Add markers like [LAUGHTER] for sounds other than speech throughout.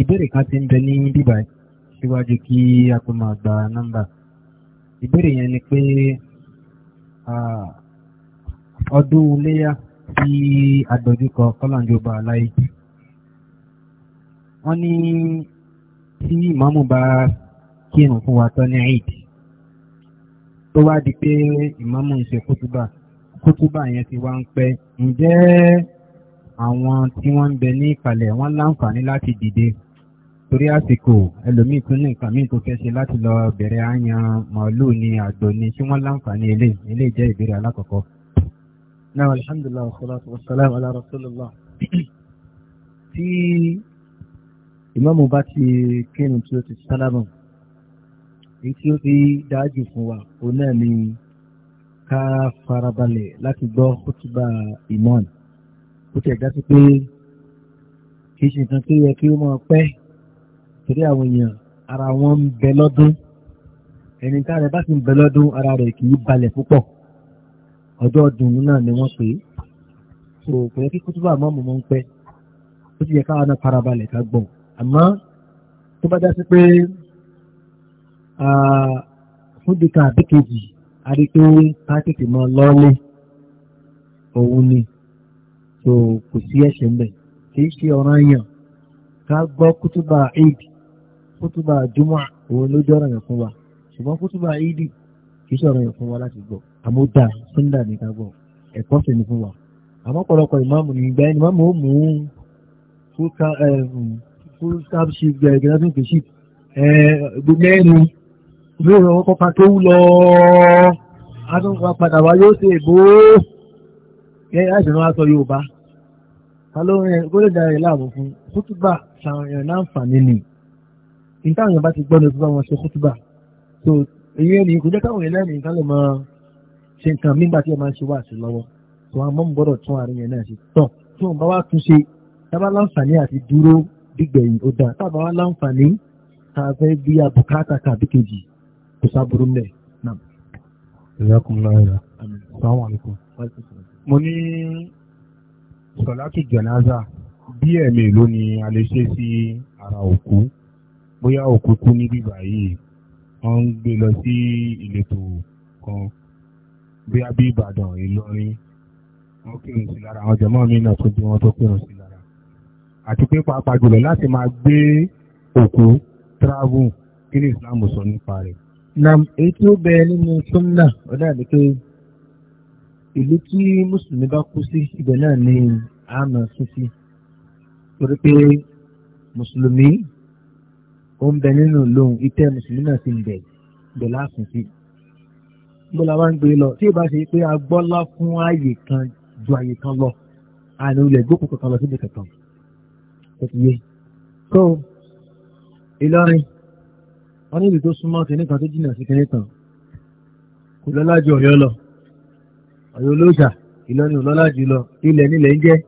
ìbéèrè kan ti ń bẹ ní bíbá síwájú kí a tó máa gba nọ́mbà ìbéèrè yẹn ni pé ọdún iléyà tí àdójúkọ kọ́làǹjọba aláì wọ́n ní tí ìmáàmù bá kírun fún wa ní tó wá di pé ìmáàmù ń ṣe kútúbà kútúbà yẹn ti wá ń pẹ́ àwọn tí wọ́n ń bẹ ní ìkàlẹ̀ wọ́n láǹfààní láti dìde torí àsìkò ẹlòmíì tún ní nǹkan míì tó fẹ́ ṣe láti lọ bẹ̀rẹ̀ àyàn màálù ni àgbò ni tí wọ́n láǹfààní ilé ilé jẹ́ ìbéèrè alákọ̀ọ́kọ́. náà alhamdulillah wa salatu wa salam ala rasulillah [CLEARS THROAT] tí ìmáàmù bá ti kírun tí ó ti sálámù èyí tí ó fi dájú fún wa òun náà ni ká farabalẹ̀ láti gbọ́ kútúbà ìmáàmù ó ti ẹ̀dá sí pé kìí ṣe nǹkan tó yẹ kí ó máa pẹ́ torí àwọn èèyàn ara wọn ń bẹ lọ́dún ẹni tá rẹ̀ bá sì ń bẹ lọ́dún ara rẹ̀ kìí balẹ̀ púpọ̀ ọjọ́ ọdún náà ni wọ́n pè é so kò yẹ kí kútúbà máa mú wọn pẹ́ ó ti yẹ káwọn náà farabalẹ̀ ká gbọ̀n àmọ́ tó bá dá sí pé fúndìkà àbíkejì a rí pé tètè máa lọ́ọ́lé òun ni so kò sí ẹ̀ṣẹ̀ mbẹ̀ kì í ṣe ọ̀ràn yàn ká gbọ́ kútúbà eid kútúbà jùmọ̀ òun ló jọ́ràn yàn fún wa ṣùgbọ́n kútúbà eid kì í ṣe ọ̀ràn yàn fún wa láti gbọ́ àmọ́ dà sínú ní ká gbọ́ ẹ̀kọ́ sì ni fún wa àmọ́ pọ̀lọpọ̀ ìmáàmù ní ìgbà ẹni máàmù ó mú full eh, staff ship gẹ̀ẹ́gẹ̀ẹ́dún kò sí gbẹ̀mẹ́rin yóò rọ ọkọ̀ pàtó lọ adúgbò padà wá yóò ṣe èbó ẹ̀ àìsàn wa sọ Yorùbá ta ló rẹ gbọ́dọ̀ dára rẹ̀ láàbò fún kútùbà ṣàwọn láǹfààní ni níta àwọn bá ti gbọ́ ní kútùbà wọn ṣe kútùbà so èyí ẹni kò jẹ́ káwọn ẹlẹ́ni nǹkan lè máa ṣe nǹkan nígbà tí ẹ máa ń ṣe wá sí lọ́wọ́ tó àwọn mọ́mú gbọ́dọ̀ tún àárín yẹn náà ṣe tọ̀ tí wọ́n bá wá tún ṣe tábà láǹfààní àti dúró dìgbẹ̀yìn ó dáa tábà alaikum. mo ní sọ̀látù jẹ̀náza bí ẹ̀mí ló ni a lè ṣe sí ara òkú bóyá òkú kú níbí báyìí wọ́n ń gbé lọ sí ìletò kan bóyá bí Ìbàdàn Ìlọrin wọ́n kírun sí lára àwọn jẹ̀mọ́ mi náà tó bí wọ́n tó kírun sí lára àti pé pàápàá jùlọ láti máa gbé òkú travel kí ni Islam sọ nípa rẹ̀. nam èyí tí ó bẹ nínú sunna ọ̀dà ni pé ìlú tí mùsùlùmí bá kú sí ibẹ̀ náà ni á mọ̀ sísí torí pé mùsùlùmí ó ń bẹ nínú lóhùn ìtẹ́ mùsùlùmí náà ti ń bẹ̀ bẹ̀ láàfin sí. gbọ́dọ̀ wá ń gbé lọ tí ìbá ṣe pé a gbọ́lá fún ààyè kan ju ààyè kan lọ àní olè gbókùn kankan lọ síbi kankan kò ti yé. so Ìlọrin wọn níbi tó súnmọ́ kìnní kan tó jìnnà sí kìnní kan kò lọ́lá ju Ọ̀yọ́ lọ Ọ̀yọ́ olóòṣà Ìlọrin ò lọ́lá jù lọ ilẹ̀ nílẹ̀ ń jẹ́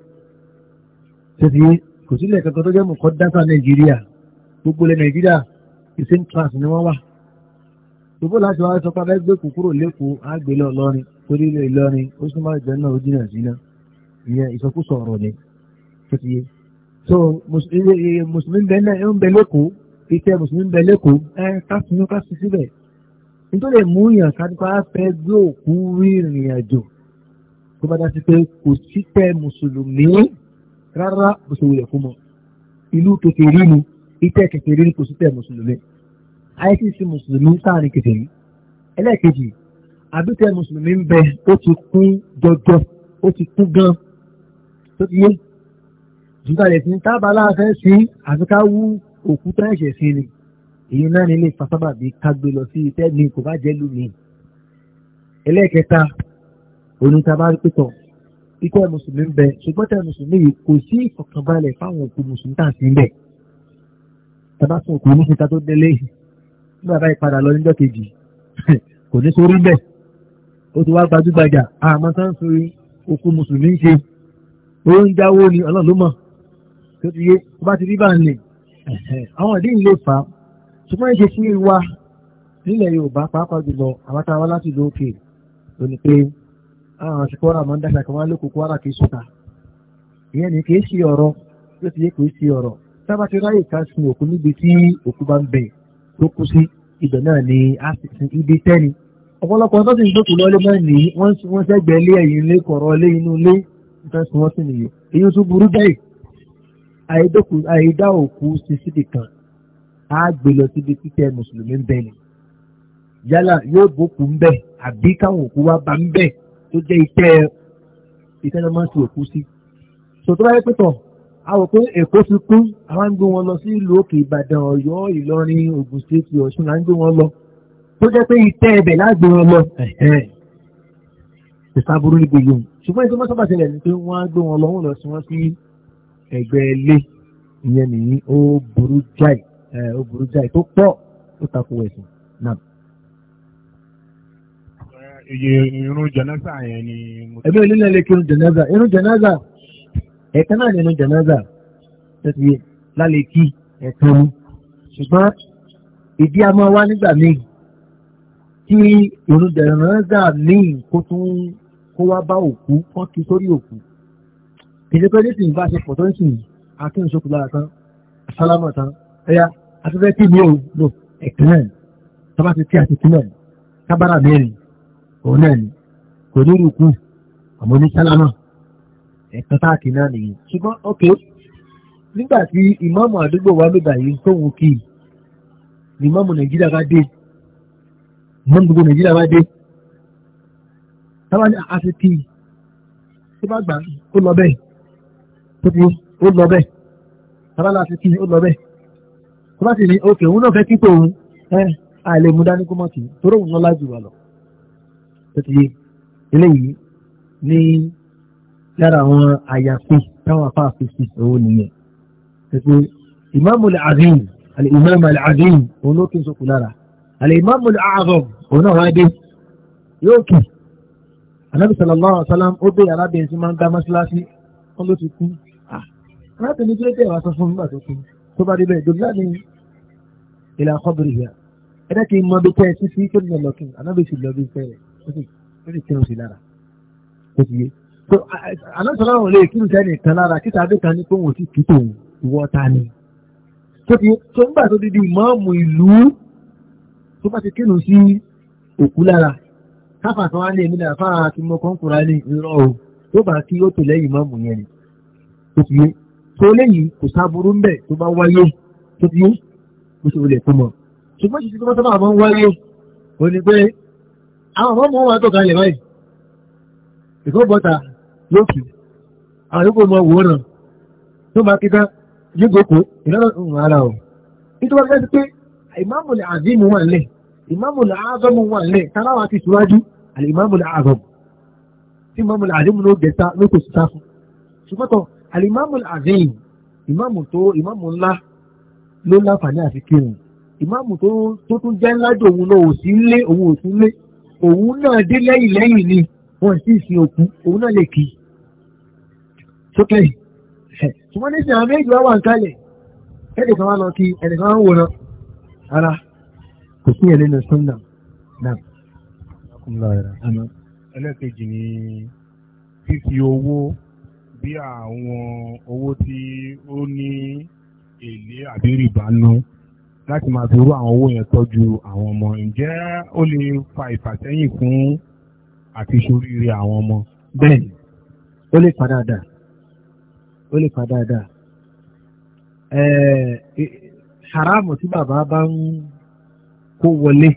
tẹ́tí kò sílẹ̀ kankan tó jẹ́ mọ̀kọ́ dáta nàìjíríà gbogbo ilẹ̀ nàìjíríà ìsìn class ni wọ́n wà gbogbo láti wá sọ padà gbé kúkúrò lẹ́kọ̀ọ́ àgbélé ọlọ́rin torí ilé ìlọrin ó sì máa jẹ́ náà ó jìnà jìnà ìyẹn ìsọkúsọ ọ̀rọ̀ ni tẹ́tí so mùsùlùmí bẹ náà ń bẹ lẹ́kọ̀ọ́ ìtẹ́ mùsùlùmí bẹ lẹ́kọ̀ọ́ ẹ kásìmí kásì síbẹ̀ nítorí mú yàn kánípa fẹ́ gbé òkú rí ìrìn àjò tó bá dá sí pé kò sí tẹ mùsùlùmí rárá bó ṣe wulẹ̀ fún mọ́ ìlú kékeré ni ìtẹ́ kékeré ni kò sí tẹ̀ mùsùlùmí àìsísí mùsùlùmí sáàrin kékeré ẹlẹ́ẹ̀kejì àbítẹ́ mùsùlùmí ń bẹ ó ti kún jọjọ ó ti kún gan tó ti yé jùgbàlẹ̀ sí tábà láàfẹ́ sí àfi ká wú òkúta ẹ̀ṣẹ̀ sí ni èyí náà ní ilé ìfasábà bíi kágbé lọ sí ìtẹ́ mi kò bá jẹ́ lù ẹlẹ́ẹ̀kẹta onítàbá pẹ̀tọ̀ ikọ́ mùsùlùmí ń bẹ ṣùgbọ́n tẹ mùsùlùmí yìí kò sí ìfọ̀kànbalẹ̀ fáwọn òkú mùsùlùmí tà sí ń bẹ̀. tàbá fún òkú ní síta tó délé nígbà bá ìpadà lọ níjọ́ kejì [LAUGHS] kò ní sórí bẹ́ẹ̀ ó ti wá gbajúgbajà àmọ́ sáà òkú mùsùlùmí ń ṣe ó ń jáwó ni ọlọ́run ló mọ̀ tó ti yé tó bá ti rí bá ń lè àwọn ìdí ìlé fà á ṣùgbọ́n ìṣe wa nílẹ̀ Yorùbá pàápàá jùlọ àwọn táwa láti lókè lónìí pé àwọn àti kwara máa ń dáṣà kan wá lóko kwara kì í sùta ìyẹn ni kì í ṣe ọ̀rọ̀ yóò ti yé kì í ṣe ọ̀rọ̀ sábà ti ráyè ká sin òkú níbi tí òkú bá ń bẹ̀ tó kú sí ibẹ̀ náà ni a sì sin ibi tẹ́ni ọ̀pọ̀lọpọ̀ tó sì ń dókòó lọ́lé mọ́ nìyí wọ́n sẹ́gbẹ̀ẹ́ lé ẹ̀yìn lé kọ̀rọ̀ lé inú lé nǹkan sùn wọ́n sì tó jẹ́ ìtẹ́ ìtẹ́nà máa ń tu òkú sí. sọ̀tọ́ bá yẹ pé tọ̀ a rò pé èkó ti kú àwọn ń gbé wọn lọ sí ìlú òkè ìbàdàn ọ̀yọ́ ìlọrin ògùn stéètì ọ̀ṣun là ń gbé wọn lọ tó jẹ́ pé ìtẹ́ ẹbẹ̀ lágbé wọn lọ kò sábúrú níbi yòó ṣùgbọ́n ìtọ́ mọ́tò bàtẹ́lẹ̀ ni pé wọ́n á gbé wọn lọ wọ́n lọ sí wọn sí ẹgbẹ́ ilé ìyẹn nìyí ó burú jáì ó burú jáì tó pọ̀ ó takò ẹ̀sìn náà iye irun jẹnẹza yẹn ni. ẹbí olú náà lè kí irun jẹnẹza irun jẹnẹza ẹ̀ka náà ni irun jẹnẹza tẹ̀sí lálẹ́ kí ẹ̀ka ni ṣùgbọ́n ìdí a máa wá nígbà míì kí irun jẹnẹza míì kó tún kó wá bá òkú kán kí sórí òkú kìdíkọ́ ní sìn bá ṣe pọ̀ tó ń sìn akínú ṣokùn lára tán sálámà tán ẹ̀yà afẹ́fẹ́ kí ni ó lò ẹ̀kẹ́ náà tọ́ba ti tí àti tí náà kábàrà mẹ́rin òun náà ni kò ní rúkú àmọ́ ní sálámà ẹ̀kan táàkì náà nìyẹn ṣùgbọ́n ok nígbà tí ìmáàmù àdúgbò wa ló bàyí tóun kì í ni ìmáàmù nàìjíríà bá dé ìmáàmù gbogbo nàìjíríà bá dé táwọn àti kì í tó bá gbà ó lọ bẹ́ẹ̀ tó ti ó lọ bẹ́ẹ̀ táwọn àti kì í ó lọ bẹ́ẹ̀ tó bá sì ní ok òun náà fẹ́ kí tòun ẹ àìlèmúdání kó mọ̀ tì torí òun lọ́lá jù wà lọ tó ti eléyìí ní lára àwọn àyàfi táwọn afáàfi sí òun nìyẹn pẹ̀lú ìmáàmù al-azim al-imam al-azim òun ló tún sọkù lára al-imam al-a'zam òun náà wáyé dé yóò kì anabi sallallahu alaihi wa sallam ó bẹ arábìnrin tí máa ń gbá mọ́ṣáláṣí wọn ló ti kú ah, arábìnrin tí ó tẹ̀ sọ fún nígbà tó kú tó bá débẹ̀ dòdúrà ní ìlà àkọ́bìnrin yà ẹ ó sì kírun sí lára ó ti yé so àlọ́sọ̀rọ̀ àwọn olè kírun sẹ́ni kan lára kíta abẹ́ kan ní pé òun ò sì kí tòun ìwọ ta ni tó ti tó ń gbà tó di di ìmọ̀ọ́mù ìlú tó bá ti kírun sí òkú lára káfà kan wá ní èmi náà fáwọn akímọ̀ kan kúra ní irọ́ o tó bá kí ó tò lẹ́yìn ìmọ̀ọ́mù yẹn ni tó ti yé tó léyìí kò sáburú ń bẹ̀ tó bá wáyé tó ti yé bó ṣe olè fún mọ́ ṣùgbọ́n ṣe ti tó bá sábà máa ń wáyé ó ní pé àwọn ọmọ ọmọ wọn tó kalẹ̀ báyìí ìkó bọ́ta lókè àwọn yóò mọ wò ràn tó máa kíkà yígòkó ìlànà ìwọ̀n ara ọ̀ nítorí wọ́n ti pé ìmáàmù lè àzímù wà lẹ̀ ìmáàmù lè àzọ́mù wà lẹ̀ taráwà ti síwájú àlè ìmáàmù lè àzọ́mù tí ìmáàmù lè àzímù ló gẹ̀ta ló kò sí sáfù ṣùgbọ́n àlè ìmáàmù lè àzímù ìmáàmù tó ìmáàmù ńlá ló láǹfààní àfikún ìmáàmù tó tún jẹ́ ńlá jò òun náà ò sí òun ò sí òun náà dé lẹ́yìn lẹ́yìn ni wọ́n sì sin òkú òun náà lè kì í sókè ṣùgbọ́n ní sìn àwọn méjì wá wà ń kálẹ̀ ẹnì kan wá lọ kí ẹnì kan wá ń wòran ara kò sí ẹ̀lẹ́ nà sọ́nà náà. ẹlẹ́kejì ni fífi owó bí àwọn owó tí ó ní èlé àbí rìbá náà láti máa fi rú àwọn owó yẹn tọ́jú àwọn ọmọ ǹjẹ́ ó lè fa ìfàsẹ́yìn fún àti ṣoríire àwọn ọmọ. bẹ́ẹ̀ni ó lè fa dáadáa ó lè fa dáadáa haramu tí bàbá bá ń kó wọlé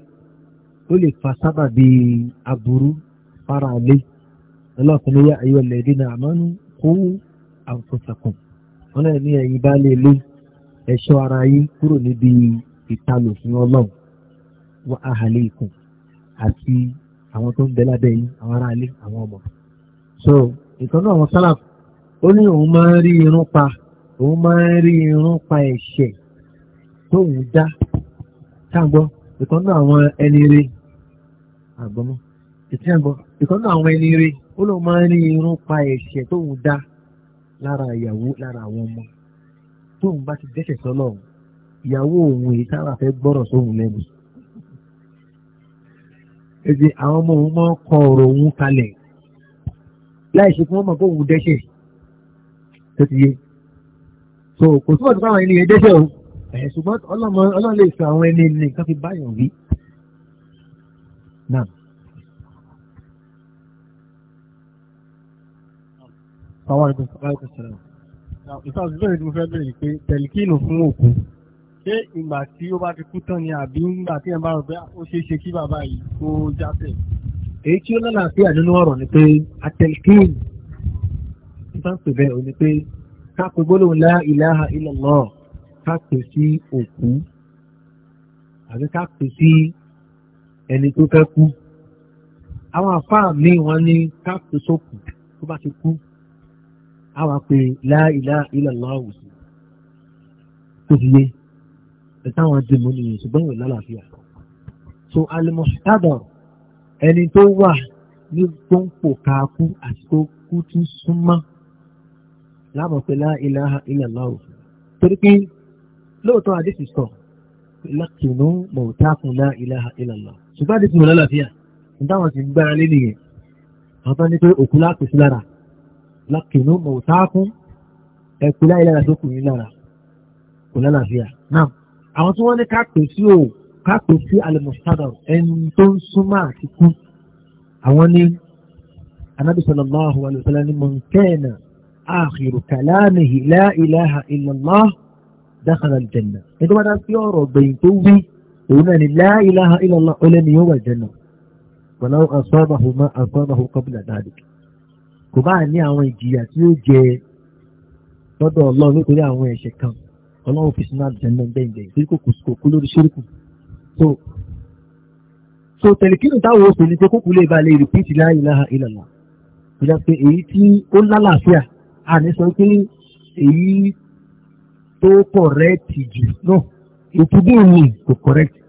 ó lè fa sábàbí aburú faraale ọlọ́kùnrin yá ayọ̀ lẹ́dínà àmọ́nú kó àǹfọ̀sàkùn wọn náà ní ẹ̀yìn bá lè lóyún ẹ̀ṣọ́ ara yín kúrò níbi ìtanù fún ọlọ́run wọ́n ahàlè ikùn àti àwọn tó ń bẹ lábẹ́ yín àwọn aráalé àwọn ọmọ. so ìtọ́nú àwọn sálàf ó ní òun máa ń rí irun pa òun máa ń rí irun pa ẹ̀ṣẹ̀ tóun dá ṣàgbọ́ ìtọ́nú àwọn ẹni rẹ̀ àgbọ́mọ́ ìtìyàgbọ́ ìtọ́nú àwọn ẹni ó lóun máa ń rí irun pa ẹ̀ṣẹ̀ tóun dá lára ìyàwó lára àwọn ọmọ tóun bá ti dẹ́sẹ̀ sọ́nà ìyàwó òun èyí táwọn afẹ́ gbọ́rọ̀ sóhun lẹ́nu. èdè àwọn ọmọ òun máa ń kọ ọ̀rọ̀ òun kalẹ̀ láì ṣe kí wọ́n mọ̀ pé òun dẹ́sẹ̀ tó ti yé. so kò túbọ̀ tó báwọn ènìyàn dẹ́sẹ̀ o ẹ̀ ṣùgbọ́n ọlọ́run lè sọ àwọn ẹni nìkan fi báyọ̀ wí. náà. Assalamu alaikum. Wa alaikum ìtọ́jú bẹ́ẹ̀ ni mo fẹ́ bẹ̀rẹ̀ pé tẹ̀líkìnù fún òkú ṣé ìgbà tí ó bá ti kú tán ni àbí ńgbà tí ẹ bá rò pé ó ṣeé ṣe kí bàbá yìí kó jáfẹ́. èyí tí ó lálàáfíà nínú ọ̀rọ̀ ni pé àtẹ̀líkìnù tí bá ń pè bẹ́ẹ̀ ò ní pé ká pe gbólóhùn lá ìlàhà illallah ká pè sí òkú àbí ká pè sí ẹni tó fẹ́ kú. àwọn àfáà míì wọ́n ní ká pè sókù tó bá ti kú a wà pé láìlá ilẹ̀lọ́ àwùjọ tó fi yé ìtàwọn dèmọ nìyẹn ṣùgbọ́n ìwé lálàáfíà so alimọ̀sítàdọ̀ ẹni tó wà ní gbọ́npò káàkú àti tó kú tí súnmọ́ láàmọ̀ pé láìlá ilẹ̀lọ́ àwùjọ torí pé lóòótọ́ àdéhùn sọ lákìnnú mọ̀ọ́tàkùn láìlá ilẹ̀lọ́ ṣùgbọ́n àdéhùn lálàáfíà ìtàwọn ti gbára lé nìyẹn àwọn tó ní pé òkú lápèsí lára lákìnnú mọ̀ọ́tàkùn ẹ̀kú láyé lára tó kù yín lára kò lálàáfíà náà àwọn tí wọ́n ní káàpẹ̀ sí o káàpẹ̀ sí alimọ̀sádà ẹni tó ń súnmọ́ àti kú àwọn ní anábì sallallahu alaihi wasallam ní mọ̀nkẹ́ẹ̀nà akhiru kalamihi la ilaha illallah dakhala aljanna ẹni bá dá sí ọ̀rọ̀ gbẹ̀yìn tó wí òun náà ni la ilaha illallah ó wà jẹ́nà walau kò bá ní àwọn ìjìyà tí ó jẹ lọ́dọ̀ ọlọ́run nítorí àwọn ẹ̀ṣẹ̀ kan ọlọ́run fi sínú àjẹmọ́ gbẹ̀ngbẹ̀ ìtorí kò kò kú lórí ṣírùkù so so tẹ̀lékínú táwọn oṣù ní kókó kú lè ba lè rìpíìtì la ilaha illallah kò já pé èyí tí ó lálàáfíà a ní sọ pé èyí tó kọ̀rẹ́ẹ̀tì jù náà ètùbù mi kò kọ̀rẹ́ẹ̀tì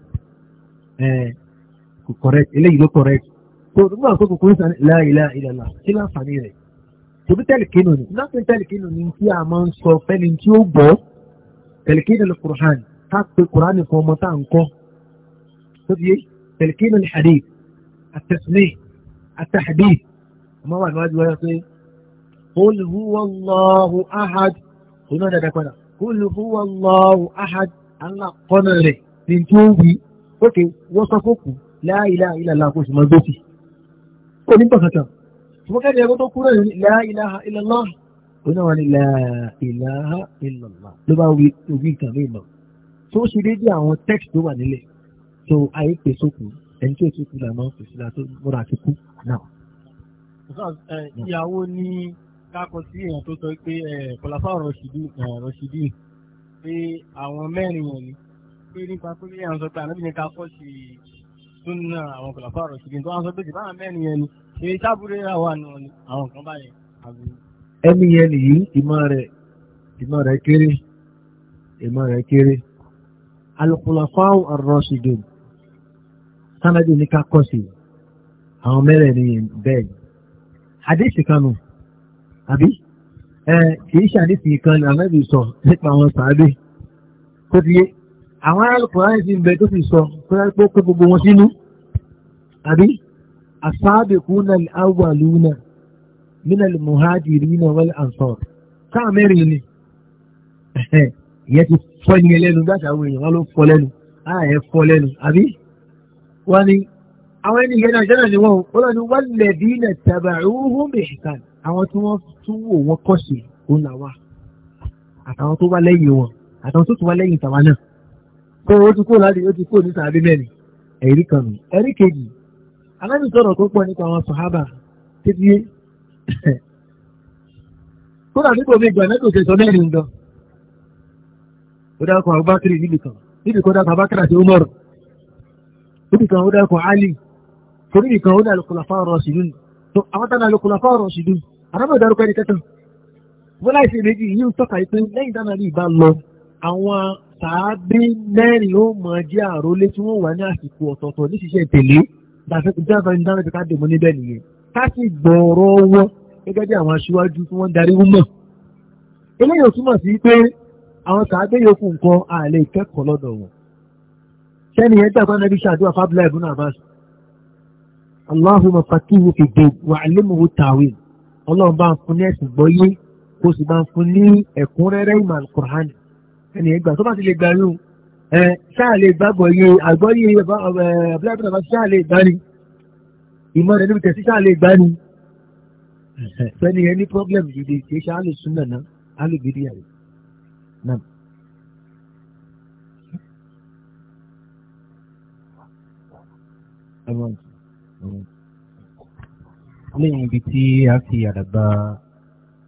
kò kọ̀rẹ́ẹ̀tì eléyìí ló kọ̀rẹ́ẹ̀tì tó nígbà tó kò kúrò sani láìlá ìlàlá kí láǹfààní rẹ̀ torí tẹ́lìkínú ni láti tẹ́lìkínú ni tí a máa ń sọ fẹ́ni tí ó gbọ́ tẹ́lìkínú lè kùrán ká pe kùrán fún ọmọ tá à ń kọ́ tó di tẹ́lìkínú lè hàdí àtẹ̀sílẹ̀ àtàhàdí ọmọ wa níwájú wáyà pé qul huwa Allahu ahad kò náà dada padà qul huwa Allahu ahad alákọ́nà rẹ̀ ní tí ó wí ókè wọ́n sọ fókù láìlá ìlàlá kò sì máa gbé sí i kò ní pàkàtà mo kẹ́ni ẹgbẹ́ tó kúrò ní la ilaha illallah òun náà wà ní la ilaha illallah ló bá wí òwì nǹkan mí lọ tó ṣe déédéé àwọn text tó wà nílẹ̀ tó ayé pè sókun ẹni tó ti kú là máa ń pèsè láti múra àti kú náà. ìyàwó ní kákọ sí èèyàn tó sọ pé kọlàfà rọṣìdì pé àwọn mẹ́rin wọ̀nyí pé nípa pé èèyàn sọ pé ànábìyẹn súnà àwọn kòlàfà ọ̀rọ̀ ṣìgbìn tó wọ́n sọ pé ìbára mẹ́rin yẹn ni ṣe sábúrẹ́ àwa nù ni àwọn kan báyẹn àbúrò. ẹni yẹn nìyí ìmọ̀ rẹ̀ ìmọ̀ rẹ̀ kéré ìmọ̀ rẹ̀ kéré alùpùlàfà ọ̀rọ̀ ṣìgbìn sanadi ní ká kọ́ sí àwọn mẹ́rẹ̀ẹ̀rin yẹn bẹ́ẹ̀ ni àdéṣì kanu àbí ẹ kìí ṣe àdéṣì kan ní àmẹ́bí sọ nípa àwọn sàádé tó ti yé àwọn alùpùlàfà yẹn tọ́lá pé kó gbogbo wọn sínú àbí as-sabiquna al-awwaluna min al-muhajirina wal-ansar káà mẹ́rin ni ìyẹn ti fọ́ ní ẹlẹ́nu gbàtà àwọn èèyàn wọn ló fọ́ lẹ́nu ààyè fọ́ lẹ́nu àbí wọ́n ní àwọn ẹni yẹn náà jẹ́nà ni wọ́n ó lọ́ni walladhina taba'uhum bi ihsan àwọn tí wọ́n tún wò wọ́n kọ́ sí òun làwà àtàwọn tó wá lẹ́yìn wọn àtàwọn tó tún wá lẹ́yìn tàwa náà tó o ti kó láti o ti kó ní sàbí mẹ́rin ẹ̀rí kan nù ẹ̀rí kejì alábi sọ̀rọ̀ tó pọ̀ nípa àwọn sàhábà títí kódà nípa omi ìgbà mẹ́tò ṣe sọ mẹ́rin gan ó dákọ̀ Abubakar níbi kan níbi kan dákọ̀ Abubakar àti Umar níbi kan ó dákọ̀ Ali torí nìkan ó dá al-Khulafa ar-Rashidun tó àwọn tánà al-Khulafa ar-Rashidun àdábọ̀ ìdárúkọ ẹni kẹta wọ́n láìsí méjì yìí ń tọ́ka ìpín lẹ́yìn dáná ní ìbá lọ àwọn sàábé mẹ́rin ó mọ̀ jẹ́ àrólé tí wọ́n wà ní àsìkò ọ̀tọ̀ọ̀tọ̀ ní ṣiṣẹ́ ìtẹ̀lé ìjọba ní dáná ti ká dèmọ́ níbẹ̀ nìyẹn ká sì gbọ̀ọ̀rọ̀ wọn gẹ́gẹ́ bí àwọn aṣíwájú tí wọ́n ń darí wúmọ̀. eléyìí ò túmọ̀ sí pé àwọn sàábé yòókù nǹkan àlè ìkẹ́kọ̀ọ́ lọ́dọ̀ wọn. sẹ́ni yẹn dàgbà nàbí ṣàdúrà Allahumma faqihu fi din wa 'allimhu ta'wil ọlọ́run bá ń fún ní ẹ̀sìn gbọ́yé kó sì bá ń fún ní ẹ̀kúnrẹ́rẹ́ ìmọ̀ al-Qur'an ẹni ẹgbà tó bá ti lè gbà yín o ṣáà lè gbàgbọ́ iye àgbọ́ iye abúlé bàbá ṣáà lè gbà ni ìmọ̀ rẹ̀ níbi tẹ̀sí ṣáà lè gbà ni [LAUGHS] fẹ́ni ẹ ní problem gidi kì í ṣe àlè súnà náà àlè gidi àlè náà. lẹ́yìn ibi tí a fi àdàbà